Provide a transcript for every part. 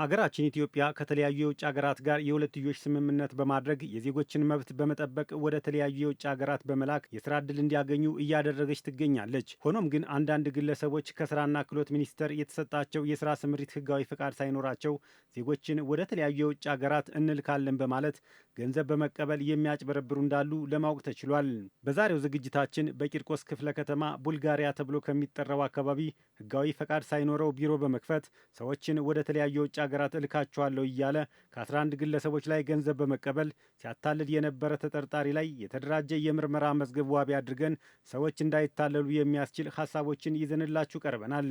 ሀገራችን ኢትዮጵያ ከተለያዩ የውጭ ሀገራት ጋር የሁለትዮሽ ስምምነት በማድረግ የዜጎችን መብት በመጠበቅ ወደ ተለያዩ የውጭ ሀገራት በመላክ የስራ ዕድል እንዲያገኙ እያደረገች ትገኛለች። ሆኖም ግን አንዳንድ ግለሰቦች ከስራና ክህሎት ሚኒስቴር የተሰጣቸው የስራ ስምሪት ህጋዊ ፈቃድ ሳይኖራቸው ዜጎችን ወደ ተለያዩ የውጭ ሀገራት እንልካለን በማለት ገንዘብ በመቀበል የሚያጭበረብሩ እንዳሉ ለማወቅ ተችሏል። በዛሬው ዝግጅታችን በቂርቆስ ክፍለ ከተማ ቡልጋሪያ ተብሎ ከሚጠራው አካባቢ ህጋዊ ፈቃድ ሳይኖረው ቢሮ በመክፈት ሰዎችን ወደ ተለያዩ የውጭ ሀገራት እልካቸዋለሁ እያለ ከ11 ግለሰቦች ላይ ገንዘብ በመቀበል ሲያታልል የነበረ ተጠርጣሪ ላይ የተደራጀ የምርመራ መዝገብ ዋቢ አድርገን ሰዎች እንዳይታለሉ የሚያስችል ሀሳቦችን ይዘንላችሁ ቀርበናል።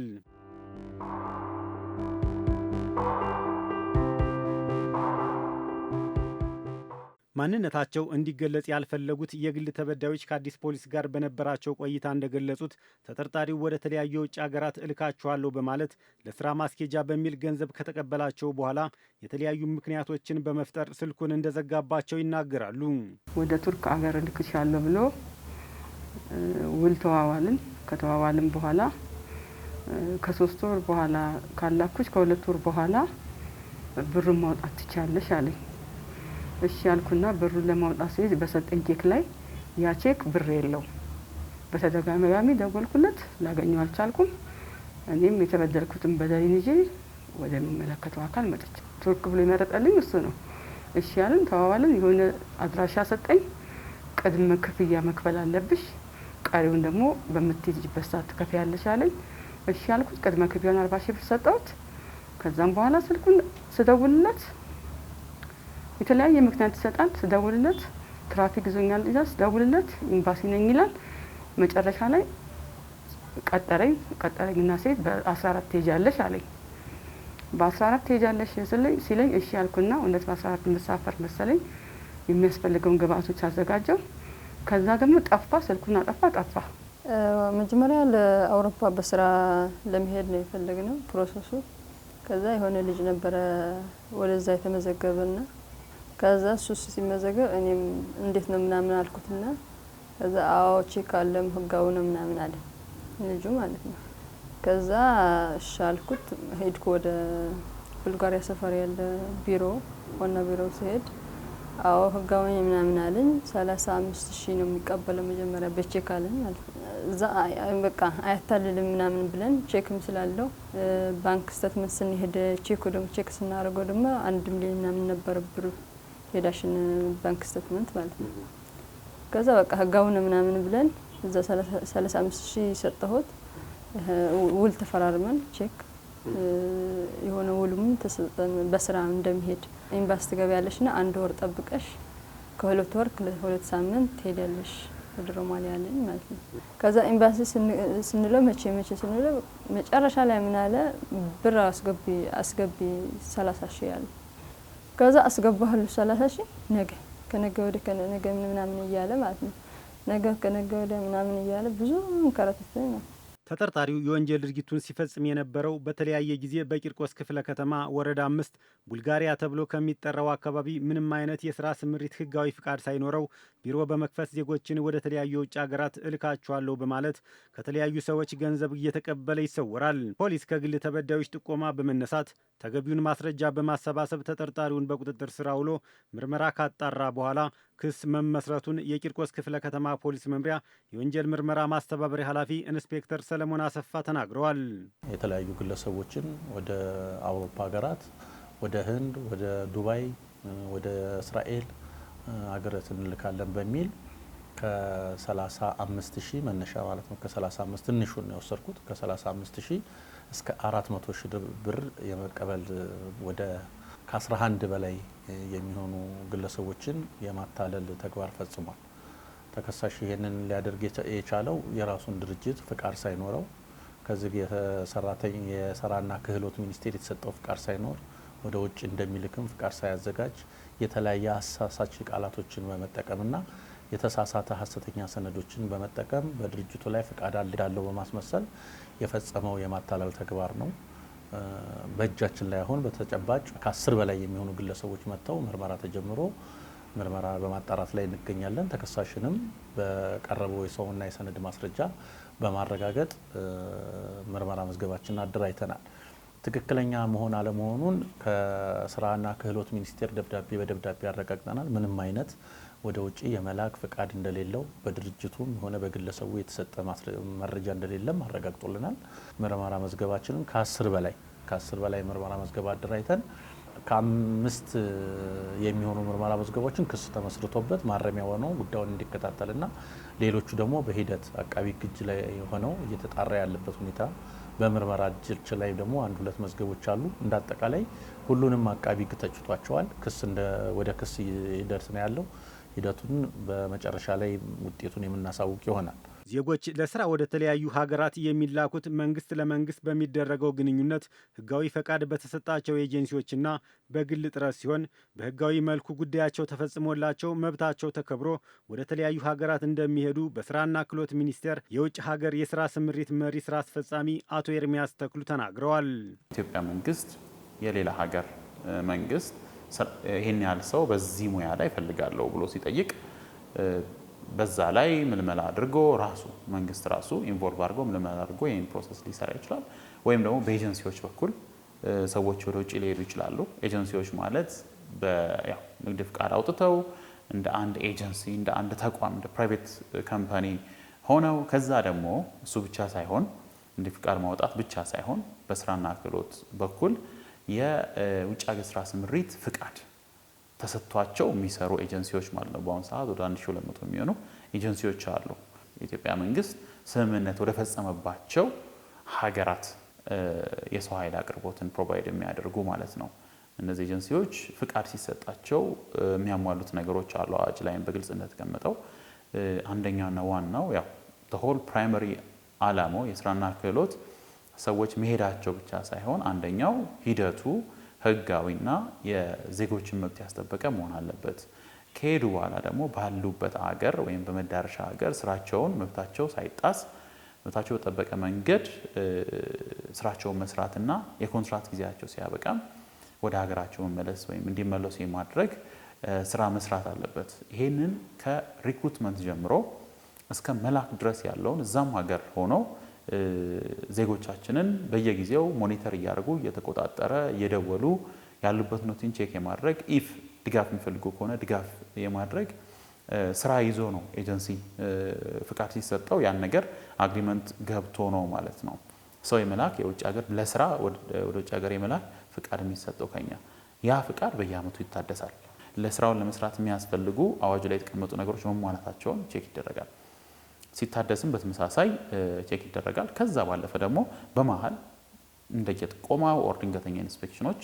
ማንነታቸው እንዲገለጽ ያልፈለጉት የግል ተበዳዮች ከአዲስ ፖሊስ ጋር በነበራቸው ቆይታ እንደገለጹት ተጠርጣሪው ወደ ተለያዩ የውጭ ሀገራት እልካችኋለሁ በማለት ለስራ ማስኬጃ በሚል ገንዘብ ከተቀበላቸው በኋላ የተለያዩ ምክንያቶችን በመፍጠር ስልኩን እንደዘጋባቸው ይናገራሉ። ወደ ቱርክ ሀገር እልክሻለሁ ብሎ ውል ተዋዋልን። ከተዋዋልን በኋላ ከሶስት ወር በኋላ ካላኩች ከሁለት ወር በኋላ ብር ማውጣት ትቻለሽ አለኝ። እሺ ያልኩና ብሩን ለማውጣት ሲሄድ በሰጠኝ ኬክ ላይ ያ ቼክ ብር የለው። በተደጋጋሚ ደወልኩለት፣ ላገኘው አልቻልኩም። እኔም የተበደልኩትን በደሌን ይዤ ወደሚመለከተው አካል መጥቼ ቱርክ ብሎ የመረጠልኝ እሱ ነው። እሺ ያልን ተባባልን። የሆነ አድራሻ ሰጠኝ። ቅድመ ክፍያ መክፈል አለብሽ፣ ቀሪውን ደግሞ በምትሄጂበት ሰዓት ትከፍያለሽ አለኝ። እሺ ያልኩት ቅድመ ክፍያውን አርባ ሺህ ብር ሰጠሁት። ከዛም በኋላ ስልኩን ስደውልለት የተለያየ ምክንያት ይሰጣል። ስደውልለት ትራፊክ ይዞኛል ይላል። ስደውልለት ኤምባሲ ነኝ ይላል። መጨረሻ ላይ ቀጠረኝ ቀጠረኝና ሴት በአስራ አራት ትሄጃለሽ አለኝ በአስራ አራት ትሄጃለሽ ስለኝ ሲለኝ እሺ ያልኩና እውነት በአስራ አራት መሳፈር መሰለኝ የሚያስፈልገውን ግብአቶች አዘጋጀው። ከዛ ደግሞ ጠፋ፣ ስልኩና ጠፋ ጠፋ። መጀመሪያ ለአውሮፓ በስራ ለመሄድ ነው የፈለግነው ፕሮሰሱ። ከዛ የሆነ ልጅ ነበረ ወደዛ የተመዘገበና ከዛ እሱ ሲመዘገብ እኔም እንዴት ነው ምናምን አልኩትና ከዛ አዎ ቼክ አለም ህጋው ነው ምናምን አለ ልጁ ማለት ነው። ከዛ እሺ አልኩት። ሄድኩ ወደ ቡልጋሪያ ሰፈር ያለ ቢሮ ዋና ቢሮ ሲሄድ አዎ ህጋዊ ምናምን አለኝ። ሰላሳ አምስት ሺህ ነው የሚቀበለው መጀመሪያ በቼክ አለኝ። እዛ በቃ አያታልልም ምናምን ብለን ቼክም ስላለው ባንክ ስተትመንት ስንሄድ ቼኩ ደግሞ ቼክ ስናደርገው ደግሞ አንድ ሚሊዮን ምናምን ነበር ብሩ የዳሽን ባንክ ስቴትመንት ማለት ነው። ከዛ በቃ ህጋውን ምናምን ብለን እዛ ሰላሳ አምስት ሺህ ሰጠሁት። ውል ተፈራርመን ቼክ የሆነ ውሉም ተሰጠን። በስራ እንደሚሄድ ኤምባሲ ትገቢያለሽ ና አንድ ወር ጠብቀሽ ከሁለት ወር ሁለት ሳምንት ትሄዳለሽ ወደ ሮማሊያ አለኝ ማለት ነው። ከዛ ኤምባሲ ስንለው መቼ መቼ ስንለው መጨረሻ ላይ ምን አለ ብር አስገቢ አስገቢ ሰላሳ ሺህ ያለ ከዛ አስገባሁልሽ ሰላሳ ሺ ነገ ከነገ ወደ ከነገ ምናምን እያለ ማለት ነው። ነገ ከነገ ወደ ምናምን እያለ ብዙ ከረተት ነው ተጠርጣሪው የወንጀል ድርጊቱን ሲፈጽም የነበረው በተለያየ ጊዜ በቂርቆስ ክፍለ ከተማ ወረዳ አምስት ቡልጋሪያ ተብሎ ከሚጠራው አካባቢ ምንም አይነት የስራ ስምሪት ህጋዊ ፍቃድ ሳይኖረው ቢሮ በመክፈት ዜጎችን ወደ ተለያዩ የውጭ ሀገራት እልካቸዋለሁ በማለት ከተለያዩ ሰዎች ገንዘብ እየተቀበለ ይሰወራል። ፖሊስ ከግል ተበዳዮች ጥቆማ በመነሳት ተገቢውን ማስረጃ በማሰባሰብ ተጠርጣሪውን በቁጥጥር ስር አውሎ ምርመራ ካጣራ በኋላ ክስ መመስረቱን የቂርቆስ ክፍለ ከተማ ፖሊስ መምሪያ የወንጀል ምርመራ ማስተባበሪያ ኃላፊ ኢንስፔክተር ሰለሞን አሰፋ ተናግረዋል። የተለያዩ ግለሰቦችን ወደ አውሮፓ ሀገራት፣ ወደ ህንድ፣ ወደ ዱባይ፣ ወደ እስራኤል ሀገራት እንልካለን በሚል ከ35 ሺህ መነሻ ማለት ነው። ከ35 ትንሹ ነው የወሰድኩት። ከ35 ሺህ እስከ 400 ሺህ ብር የመቀበል ወደ ከ11 በላይ የሚሆኑ ግለሰቦችን የማታለል ተግባር ፈጽሟል። ተከሳሽ ይህንን ሊያደርግ የቻለው የራሱን ድርጅት ፍቃድ ሳይኖረው ከዚህ የስራና ክህሎት ሚኒስቴር የተሰጠው ፍቃድ ሳይኖር ወደ ውጭ እንደሚልክም ፍቃድ ሳያዘጋጅ የተለያየ አሳሳች ቃላቶችን በመጠቀምና የተሳሳተ ሀሰተኛ ሰነዶችን በመጠቀም በድርጅቱ ላይ ፍቃድ እንዳለው በማስመሰል የፈጸመው የማታለል ተግባር ነው። በእጃችን ላይ አሁን በተጨባጭ ከአስር በላይ የሚሆኑ ግለሰቦች መጥተው ምርመራ ተጀምሮ ምርመራ በማጣራት ላይ እንገኛለን። ተከሳሽንም በቀረበው የሰውና የሰነድ ማስረጃ በማረጋገጥ ምርመራ መዝገባችንን አደራጅተናል። ትክክለኛ መሆን አለመሆኑን ከስራና ክህሎት ሚኒስቴር ደብዳቤ በደብዳቤ ያረጋግጠናል። ምንም አይነት ወደ ውጭ የመላክ ፍቃድ እንደሌለው በድርጅቱም ሆነ በግለሰቡ የተሰጠ መረጃ እንደሌለም አረጋግጦልናል። ምርመራ መዝገባችንም ከአስር በላይ ከአስር በላይ ምርመራ መዝገብ አደራጅተን ከአምስት የሚሆኑ ምርመራ መዝገቦችን ክስ ተመስርቶበት ማረሚያ ሆነው ጉዳዩን እንዲከታተልና ሌሎቹ ደግሞ በሂደት አቃቢ ግጅ ላይ ሆነው እየተጣራ ያለበት ሁኔታ በምርመራ ጅርች ላይ ደግሞ አንድ ሁለት መዝገቦች አሉ። እንደ አጠቃላይ ሁሉንም አቃቢ ግ ተችቷቸዋል። ክስ ወደ ክስ ይደርስ ነው ያለው። ሂደቱን በመጨረሻ ላይ ውጤቱን የምናሳውቅ ይሆናል። ዜጎች ለስራ ወደ ተለያዩ ሀገራት የሚላኩት መንግስት ለመንግስት በሚደረገው ግንኙነት ህጋዊ ፈቃድ በተሰጣቸው ኤጀንሲዎችና በግል ጥረት ሲሆን በህጋዊ መልኩ ጉዳያቸው ተፈጽሞላቸው መብታቸው ተከብሮ ወደ ተለያዩ ሀገራት እንደሚሄዱ በስራና ክህሎት ሚኒስቴር የውጭ ሀገር የስራ ስምሪት መሪ ስራ አስፈጻሚ አቶ ኤርሚያስ ተክሉ ተናግረዋል። ኢትዮጵያ መንግስት የሌላ ሀገር መንግስት ይሄን ያህል ሰው በዚህ ሙያ ላይ ፈልጋለሁ ብሎ ሲጠይቅ በዛ ላይ ምልመላ አድርጎ ራሱ መንግስት ራሱ ኢንቮልቭ አድርጎ ምልመላ አድርጎ ይህን ፕሮሰስ ሊሰራ ይችላል። ወይም ደግሞ በኤጀንሲዎች በኩል ሰዎች ወደ ውጭ ሊሄዱ ይችላሉ። ኤጀንሲዎች ማለት ንግድ ፍቃድ አውጥተው እንደ አንድ ኤጀንሲ እንደ አንድ ተቋም እንደ ፕራይቬት ካምፓኒ ሆነው ከዛ ደግሞ እሱ ብቻ ሳይሆን እንደ ፍቃድ ማውጣት ብቻ ሳይሆን በስራና ክህሎት በኩል የውጭ ሀገር ስራ ስምሪት ፍቃድ ተሰጥቷቸው የሚሰሩ ኤጀንሲዎች ማለት ነው። በአሁኑ ሰዓት ወደ 1200 የሚሆኑ ኤጀንሲዎች አሉ። የኢትዮጵያ መንግስት ስምምነት ወደ ፈጸመባቸው ሀገራት የሰው ኃይል አቅርቦትን ፕሮቫይድ የሚያደርጉ ማለት ነው። እነዚህ ኤጀንሲዎች ፍቃድ ሲሰጣቸው የሚያሟሉት ነገሮች አሉ። አዋጅ ላይም በግልጽ እንደተቀመጠው አንደኛና ዋናው ያው ሆል ፕራይመሪ አላማው የስራና ክህሎት ሰዎች መሄዳቸው ብቻ ሳይሆን አንደኛው ሂደቱ ህጋዊና የዜጎችን መብት ያስጠበቀ መሆን አለበት። ከሄዱ በኋላ ደግሞ ባሉበት አገር ወይም በመዳረሻ ሀገር ስራቸውን መብታቸው ሳይጣስ መብታቸው በጠበቀ መንገድ ስራቸውን መስራትና የኮንትራት ጊዜያቸው ሲያበቃም ወደ ሀገራቸው መመለስ ወይም እንዲመለሱ የማድረግ ስራ መስራት አለበት። ይህንን ከሪክሩትመንት ጀምሮ እስከ መላክ ድረስ ያለውን እዛም ሀገር ሆነው ዜጎቻችንን በየጊዜው ሞኒተር እያደረጉ እየተቆጣጠረ እየደወሉ ያሉበት ኖቲን ቼክ የማድረግ ኢፍ ድጋፍ የሚፈልጉ ከሆነ ድጋፍ የማድረግ ስራ ይዞ ነው ኤጀንሲ ፍቃድ ሲሰጠው ያን ነገር አግሪመንት ገብቶ ነው ማለት ነው። ሰው የመላክ የውጭ ሀገር ለስራ ወደ ውጭ ሀገር የመላክ ፍቃድ የሚሰጠው ከኛ ያ ፍቃድ በየአመቱ ይታደሳል። ለስራውን ለመስራት የሚያስፈልጉ አዋጁ ላይ የተቀመጡ ነገሮች መሟላታቸውን ቼክ ይደረጋል። ሲታደስም በተመሳሳይ ቼክ ይደረጋል። ከዛ ባለፈ ደግሞ በመሀል እንደየጥቆማ ኦር ድንገተኛ ኢንስፔክሽኖች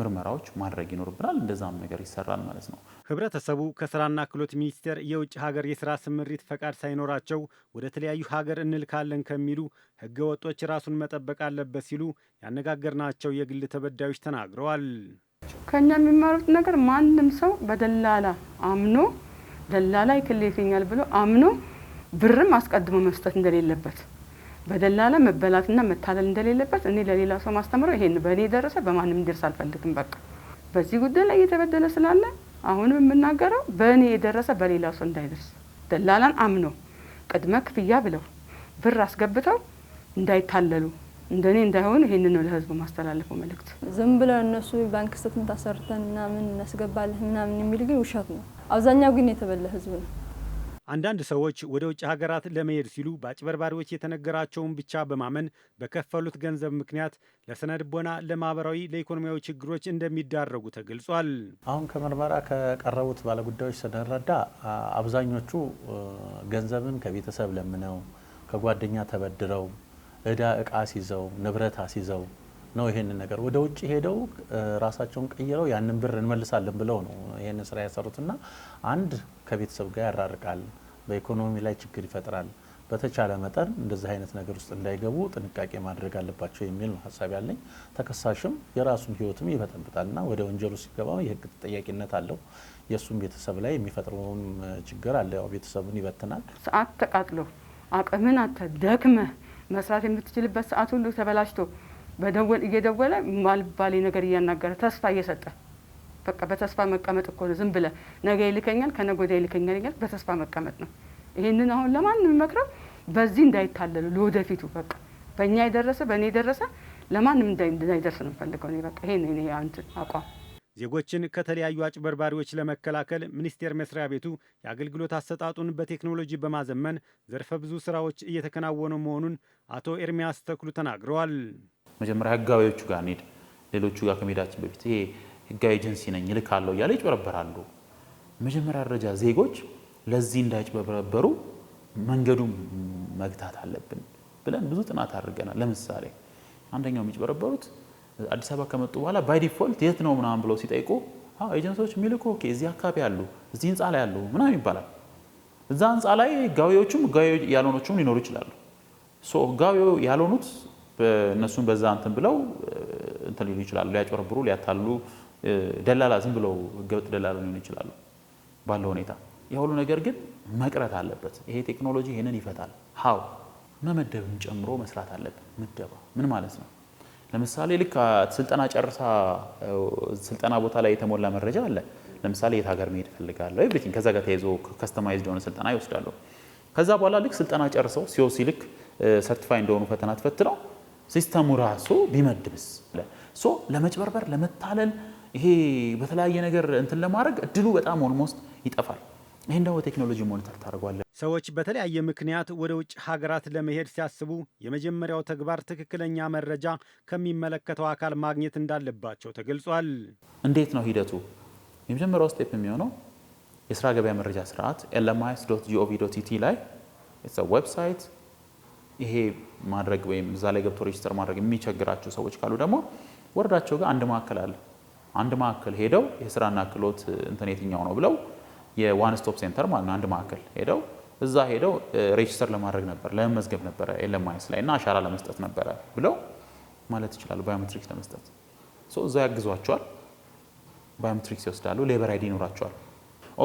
ምርመራዎች ማድረግ ይኖርብናል። እንደዛም ነገር ይሰራል ማለት ነው። ህብረተሰቡ ከስራና ክህሎት ሚኒስቴር የውጭ ሀገር የስራ ስምሪት ፈቃድ ሳይኖራቸው ወደ ተለያዩ ሀገር እንልካለን ከሚሉ ህገ ወጦች ራሱን መጠበቅ አለበት ሲሉ ያነጋገርናቸው የግል ተበዳዮች ተናግረዋል። ከእኛ የሚማሩት ነገር ማንም ሰው በደላላ አምኖ ደላላ ይክልክኛል ብሎ አምኖ ብርም አስቀድሞ መስጠት እንደሌለበት በደላላ መበላትና መታለል እንደሌለበት እኔ ለሌላ ሰው ማስተምረው ይሄን በእኔ ደረሰ በማንም እንዲደርስ አልፈልግም። በቃ በዚህ ጉዳይ ላይ እየተበደለ ስላለ አሁንም የምናገረው በእኔ የደረሰ በሌላ ሰው እንዳይደርስ ደላላን አምኖ ቅድመ ክፍያ ብለው ብር አስገብተው እንዳይታለሉ እንደኔ እንዳይሆኑ ይሄንን ነው ለህዝቡ ማስተላለፈው መልእክት። ዝም ብለው እነሱ ባንክ ስቴትመንት አሰርተን ምናምን እናስገባለን ምናምን የሚል ግን ውሸት ነው። አብዛኛው ግን የተበላ ህዝብ ነው። አንዳንድ ሰዎች ወደ ውጭ ሀገራት ለመሄድ ሲሉ በአጭበርባሪዎች የተነገራቸውን ብቻ በማመን በከፈሉት ገንዘብ ምክንያት ለስነ ልቦና፣ ለማህበራዊ፣ ለኢኮኖሚያዊ ችግሮች እንደሚዳረጉ ተገልጿል። አሁን ከምርመራ ከቀረቡት ባለጉዳዮች ስንረዳ አብዛኞቹ ገንዘብን ከቤተሰብ ለምነው ከጓደኛ ተበድረው እዳ እቃ አስይዘው ንብረት አስይዘው ነው ይሄንን ነገር ወደ ውጭ ሄደው ራሳቸውን ቀይረው ያንን ብር እንመልሳለን ብለው ነው ይሄንን ስራ ያሰሩትና አንድ ከቤተሰብ ጋር ያራርቃል፣ በኢኮኖሚ ላይ ችግር ይፈጥራል። በተቻለ መጠን እንደዚህ አይነት ነገር ውስጥ እንዳይገቡ ጥንቃቄ ማድረግ አለባቸው የሚል ነው ሀሳብ ያለኝ። ተከሳሽም የራሱን ህይወትም ይበጠብጣልና ወደ ወንጀሉ ሲገባ የህግ ተጠያቂነት አለው። የእሱም ቤተሰብ ላይ የሚፈጥረውም ችግር አለ። ያው ቤተሰቡን ይበትናል። ሰዓት ተቃጥሎ አቅምን አተ ደክመ መስራት የምትችልበት ሰዓት ሁሉ ተበላሽቶ በደወል እየደወለ ማልባሌ ነገር እያናገረ ተስፋ እየሰጠ በቃ በተስፋ መቀመጥ እኮ ነው። ዝም ብለ ነገ ይልከኛል ከነገ ወዲያ ይልከኛል ይላል። በተስፋ መቀመጥ ነው። ይህንን አሁን ለማንም መቅረብ በዚህ እንዳይታለሉ ለወደፊቱ በቃ በእኛ የደረሰ በእኔ የደረሰ ለማንም እንዳይደርስ ነው የምፈልገው። በቃ ይሄ ነው አቋም። ዜጎችን ከተለያዩ አጭበርባሪዎች ለመከላከል ሚኒስቴር መስሪያ ቤቱ የአገልግሎት አሰጣጡን በቴክኖሎጂ በማዘመን ዘርፈ ብዙ ስራዎች እየተከናወኑ መሆኑን አቶ ኤርሚያስ ተክሉ ተናግረዋል። መጀመሪያ ህጋዊዎቹ ጋር እንሂድ፣ ሌሎቹ ጋር ከመሄዳችን በፊት ይሄ ህጋዊ ኤጀንሲ ነኝ እልካለሁ እያለ ይጭበረበራሉ። መጀመሪያ ደረጃ ዜጎች ለዚህ እንዳይጭበረበሩ መንገዱን መግታት አለብን ብለን ብዙ ጥናት አድርገናል። ለምሳሌ አንደኛው የሚጭበረበሩት አዲስ አበባ ከመጡ በኋላ ባይ ዲፎልት የት ነው ምናምን ብለው ሲጠይቁ ኤጀንሲዎች የሚልኩ ኦኬ፣ እዚህ አካባቢ ያሉ እዚህ ህንፃ ላይ ያሉ ምናምን ይባላል። እዛ ህንፃ ላይ ህጋዊዎቹም ህጋዊ ያልሆኖቹም ሊኖሩ ይችላሉ። ህጋዊ ያልሆኑት እነሱን በዛ እንትን ብለው እንትን ሊሉ ይችላሉ። ሊያጭበረብሩ፣ ሊያታሉ፣ ደላላ ዝም ብለው ህገወጥ ደላላ ሊሆን ይችላሉ ባለው ሁኔታ። የሁሉ ነገር ግን መቅረት አለበት። ይሄ ቴክኖሎጂ ይህንን ይፈታል። ሀው መመደብን ጨምሮ መስራት አለብን። ምደባ ምን ማለት ነው? ለምሳሌ ልክ ስልጠና ጨርሳ ስልጠና ቦታ ላይ የተሞላ መረጃ አለ። ለምሳሌ የት ሀገር መሄድ እፈልጋለሁ ኤቭሪቲንግ ከዛ ጋር ተይዞ ከስተማይዝድ የሆነ ስልጠና ይወስዳሉ። ከዛ በኋላ ልክ ስልጠና ጨርሰው ሲኦሲ ልክ ሰርቲፋይ እንደሆኑ ፈተና ትፈትነው ሲስተሙ ራሱ ቢመድብስ ሶ ለመጭበርበር ለመታለል ይሄ በተለያየ ነገር እንትን ለማድረግ እድሉ በጣም ኦልሞስት ይጠፋል። ይህን ደግሞ ቴክኖሎጂ ሞኒተር ታደርጓለ። ሰዎች በተለያየ ምክንያት ወደ ውጭ ሀገራት ለመሄድ ሲያስቡ የመጀመሪያው ተግባር ትክክለኛ መረጃ ከሚመለከተው አካል ማግኘት እንዳለባቸው ተገልጿል። እንዴት ነው ሂደቱ? የመጀመሪያው ስቴፕ የሚሆነው የስራ ገበያ መረጃ ስርዓት ኤልኤምአይኤስ ጂኦቪ ቲቲ ላይ ዌብሳይት ይሄ ማድረግ ወይም እዛ ላይ ገብቶ ሬጅስተር ማድረግ የሚቸግራቸው ሰዎች ካሉ ደግሞ ወረዳቸው ጋር አንድ ማዕከል አለ። አንድ ማዕከል ሄደው የስራና ክህሎት እንትን የትኛው ነው ብለው የዋን ስቶፕ ሴንተር ማለት ነው። አንድ ማዕከል ሄደው እዛ ሄደው ሬጅስተር ለማድረግ ነበር ለመመዝገብ ነበረ ኤልኤምአይኤስ ላይ እና አሻራ ለመስጠት ነበረ ብለው ማለት ይችላሉ። ባዮሜትሪክስ ለመስጠት እዛ ያግዟቸዋል። ባዮሜትሪክስ ይወስዳሉ። ሌበር አይዲ ይኖራቸዋል።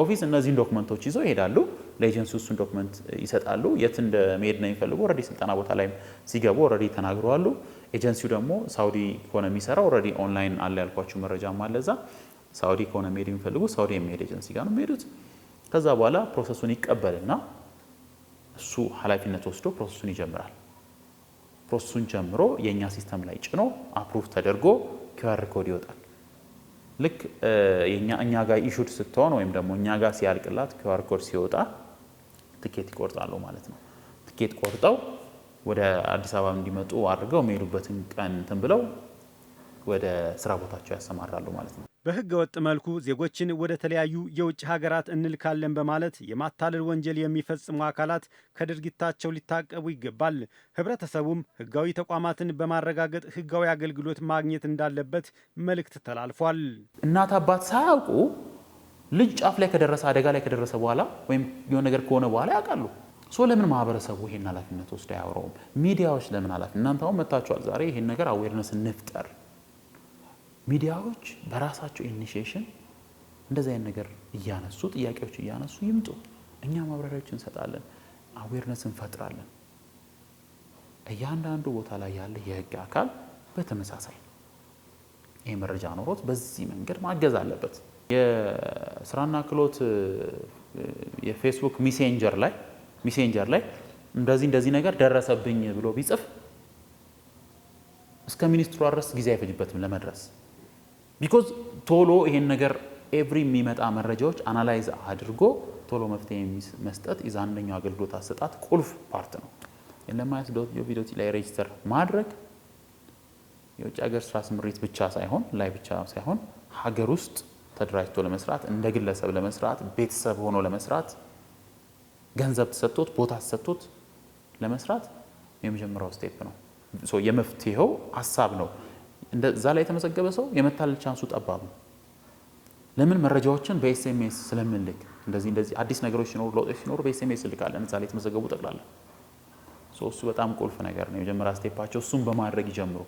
ኦፊስ እነዚህን ዶክመንቶች ይዘው ይሄዳሉ። ለኤጀንሲ እሱን ዶክመንት ይሰጣሉ። የት እንደመሄድ ነው የሚፈልጉ ኦልሬዲ ስልጠና ቦታ ላይም ሲገቡ ኦልሬዲ ተናግረዋሉ። ኤጀንሲው ደግሞ ሳውዲ ከሆነ የሚሰራው ኦልሬዲ ኦንላይን አለ ያልኳቸው መረጃ ማለዛ ሳውዲ ከሆነ መሄድ የሚፈልጉ ሳውዲ የሚሄድ ኤጀንሲ ጋር ነው የሚሄዱት። ከዛ በኋላ ፕሮሰሱን ይቀበልና እሱ ኃላፊነት ወስዶ ፕሮሰሱን ይጀምራል። ፕሮሰሱን ጀምሮ የእኛ ሲስተም ላይ ጭኖ አፕሩቭ ተደርጎ ኪውአር ኮድ ይወጣል። ልክ እኛ ጋር ኢሹድ ስትሆን ወይም ደግሞ እኛ ጋር ሲያልቅላት ኪውአር ኮድ ሲወጣ ትኬት ይቆርጣሉ ማለት ነው። ትኬት ቆርጠው ወደ አዲስ አበባ እንዲመጡ አድርገው የሚሄዱበትን ቀን እንትን ብለው ወደ ስራ ቦታቸው ያሰማራሉ ማለት ነው። በህገ ወጥ መልኩ ዜጎችን ወደ ተለያዩ የውጭ ሀገራት እንልካለን በማለት የማታለል ወንጀል የሚፈጽሙ አካላት ከድርጊታቸው ሊታቀቡ ይገባል። ህብረተሰቡም ህጋዊ ተቋማትን በማረጋገጥ ህጋዊ አገልግሎት ማግኘት እንዳለበት መልእክት ተላልፏል። እናት አባት ሳያውቁ ልጅ ጫፍ ላይ ከደረሰ አደጋ ላይ ከደረሰ በኋላ ወይም የሆነ ነገር ከሆነ በኋላ ያውቃሉ። ሶ ለምን ማህበረሰቡ ይሄን ኃላፊነት ወስደ አያወራውም? ሚዲያዎች ለምን ኃላፊ እናንተ አሁን መታችኋል። ዛሬ ይሄን ነገር አዌርነስ እንፍጠር። ሚዲያዎች በራሳቸው ኢኒሺዬሽን እንደዚህ አይነት ነገር እያነሱ ጥያቄዎች እያነሱ ይምጡ። እኛ ማብራሪያዎች እንሰጣለን፣ አዌርነስ እንፈጥራለን። እያንዳንዱ ቦታ ላይ ያለ የህግ አካል በተመሳሳይ ይህ መረጃ ኖሮት በዚህ መንገድ ማገዝ አለበት። የስራና ክህሎት የፌስቡክ ሚሴንጀር ላይ ሚሴንጀር ላይ እንደዚህ እንደዚህ ነገር ደረሰብኝ ብሎ ቢጽፍ እስከ ሚኒስትሩ ድረስ ጊዜ አይፈጅበትም ለመድረስ። ቢኮዝ ቶሎ ይሄን ነገር ኤቭሪ የሚመጣ መረጃዎች አናላይዝ አድርጎ ቶሎ መፍትሄ መስጠት የዛ አንደኛው አገልግሎት አሰጣት ቁልፍ ፓርት ነው። ኤልኤምኤስ ዶት ላይ ሬጅስተር ማድረግ የውጭ ሀገር ስራ ስምሪት ብቻ ሳይሆን ላይ ብቻ ሳይሆን ሀገር ውስጥ ተደራጅቶ ለመስራት እንደ ግለሰብ ለመስራት ቤተሰብ ሆኖ ለመስራት ገንዘብ ተሰጥቶት ቦታ ተሰጥቶት ለመስራት የመጀመሪያው ስቴፕ ነው። የመፍትሄው ሀሳብ ነው። እዛ ላይ የተመዘገበ ሰው የመታለል ቻንሱ ጠባብ ነው። ለምን መረጃዎችን በኤስኤምኤስ ስለምንልክ እንደዚህ እንደዚህ አዲስ ነገሮች ሲኖሩ ለውጦች ሲኖሩ በኤስኤምኤስ ልካለን። እዛ ላይ የተመዘገቡ ጠቅላለን። እሱ በጣም ቁልፍ ነገር ነው። የመጀመሪያ ስቴፓቸው እሱን በማድረግ ይጀምሩ።